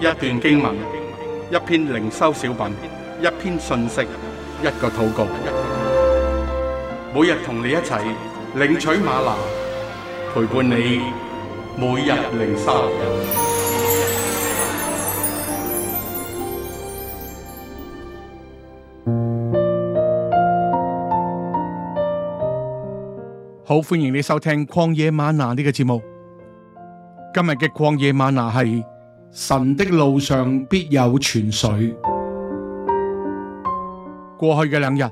一段經文，一篇靈修小品，一篇信息，一個禱告。每日同你一齊領取嗎哪，陪伴你每日靈修。好，歡迎你收聽《曠野嗎哪》呢個節目。今日嘅《曠野嗎哪》係。神的路上必有泉水。過去嘅兩日，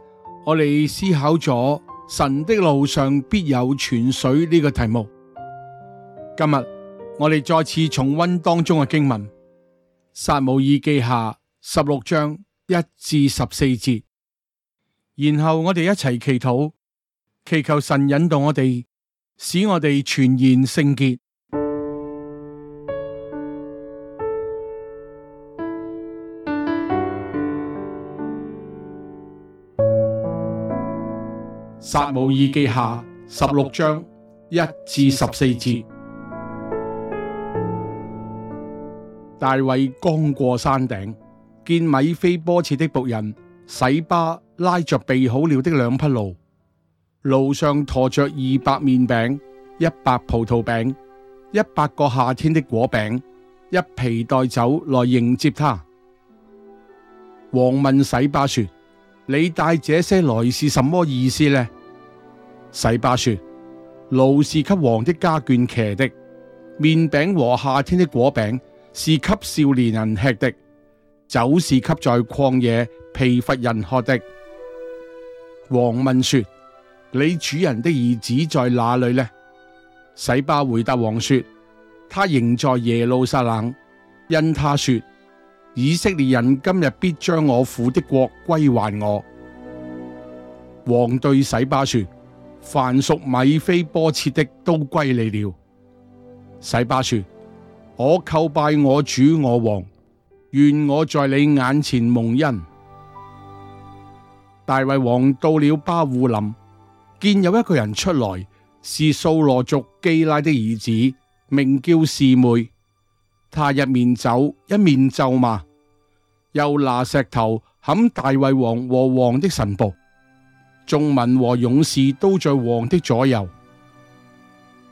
我哋思考咗神的路上必有泉水呢個題目。今日我哋再次重溫當中嘅經文《撒母耳記下》十六章一至十四節，然後我哋一齊祈禱，祈求神引導我哋，使我哋全然聖潔。撒母耳記下十六章一至十四節， 大衛剛過山頂，見米非波設的僕人洗巴拉着備好了的兩匹驢，驢上馱着二百麵餅、一百葡萄餅、一百個夏天的果餅、一皮袋酒來迎接他。王問洗巴說。你帶這些來是什麼意思呢？洗巴說：驢是給王的家眷騎的，麵餅和夏天的果餅是給少年人吃的，酒是給在曠野疲乏人喝的。王問說：你主人的兒子在哪裏呢？洗巴回答王說：他仍在耶路撒冷，因他說。以色列人今日必將我父的國歸還我。王對洗巴說：凡屬米非波設的都歸你了。洗巴說：我叩拜我主我王，願我在你眼前蒙恩。大衛王到了巴戶林，見有一個人出來，是掃羅族基拉的兒子，名叫示每。他一面走一面咒罵。又拿石頭砍大衛王和王的臣僕，眾民和勇士都在王的左右。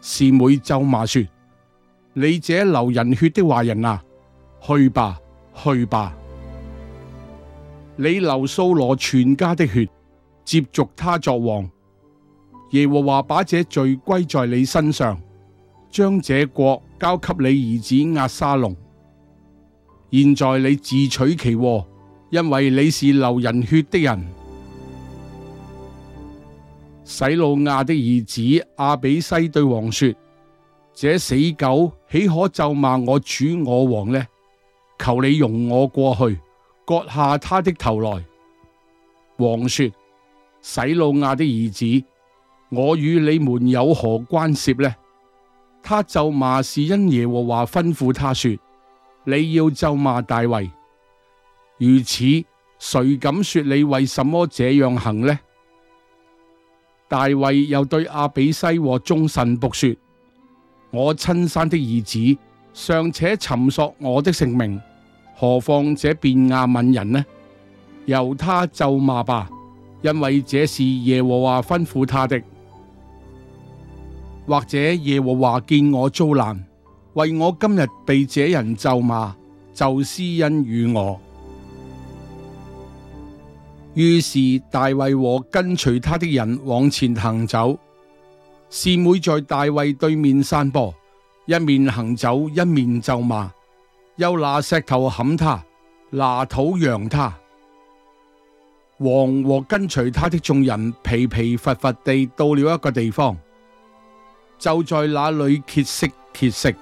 示每咒罵說：你這流人血的壞人啊，去吧，去吧！你流掃羅全家的血，接續他作王。耶和華把這罪歸在你身上，將這國交給你兒子押沙龍。現在你自取其禍，因為你是流人血的人。洗魯雅的兒子亞比西對王說：這死狗豈可咒罵我主我王呢？求你容我過去，割下他的頭來。王說：洗魯雅的兒子，我與你們有何關涉呢？他咒罵是因耶和華吩咐他說。你要咒罵大衛，如此誰敢說你為什麼這樣行呢？大衛又對亞比篩和眾臣僕說：我親生的兒子尚且尋索我的性命，何況這便雅憫人呢？由他咒罵吧，因為這是耶和華吩咐他的。或者耶和華見我遭難。為我今日被這人咒罵，就施恩與我。於是大衛和跟隨他的人往前行走，示每在大衛對面山坡，一面行走一面咒罵，又拿石頭砍他，拿土揚他。王和跟隨他的眾人疲疲乏乏地到了一個地方，就在那裏歇息，歇息。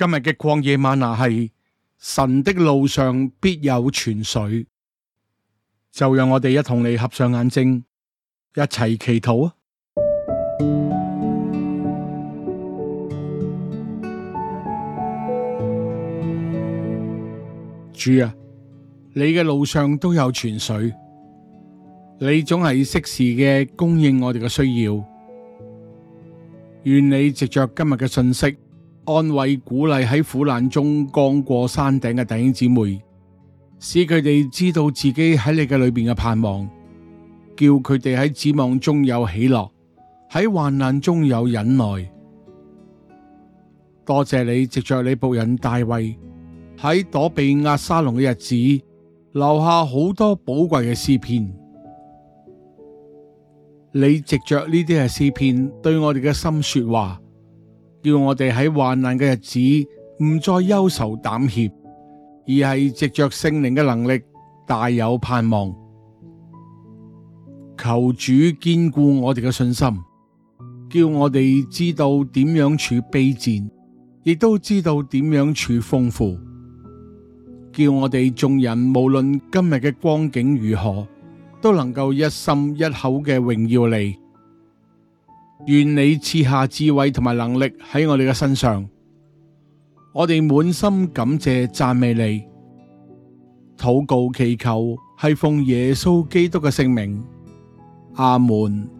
今日嘅曠野嗎哪，係神的路上必有泉水，就讓我哋一同嚟，合上眼睛，一齊祈禱啊！ 主啊，你嘅路上都有泉水，你總係適時嘅供應我哋嘅需要。願你藉着今日嘅信息，安慰鼓勵喺苦難中剛過山頂嘅弟兄姊妹，使佢哋知道自己喺你嘅裏邊嘅盼望，叫佢哋喺指望中有喜樂，喺患難中有忍耐。多謝你，藉着你僕人大衛喺躲避押沙龍嘅日子，留下好多寶貴嘅詩篇。你藉着呢啲係詩篇，對我哋嘅心說話。叫我哋喺患難嘅日子唔再憂愁膽怯，而係藉着聖靈嘅能力大有盼望。求主堅固我哋嘅信心，叫我哋知道點樣處卑賤，亦都知道點樣處豐富。叫我哋眾人無論今日嘅光景如何，都能夠一心一口嘅榮耀你。願你賜下智慧同埋能力喺我哋嘅身上，我哋滿心感謝讚美你，禱告祈求係奉耶穌基督嘅聖名，阿門。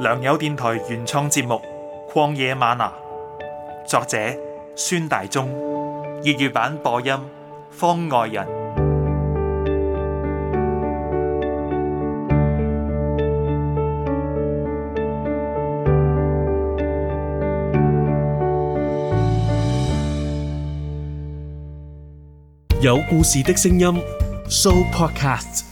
良友電台原創節目《曠野嗎哪》，作者孫大中，粵語版播音方外人，有故事的聲音 show podcast。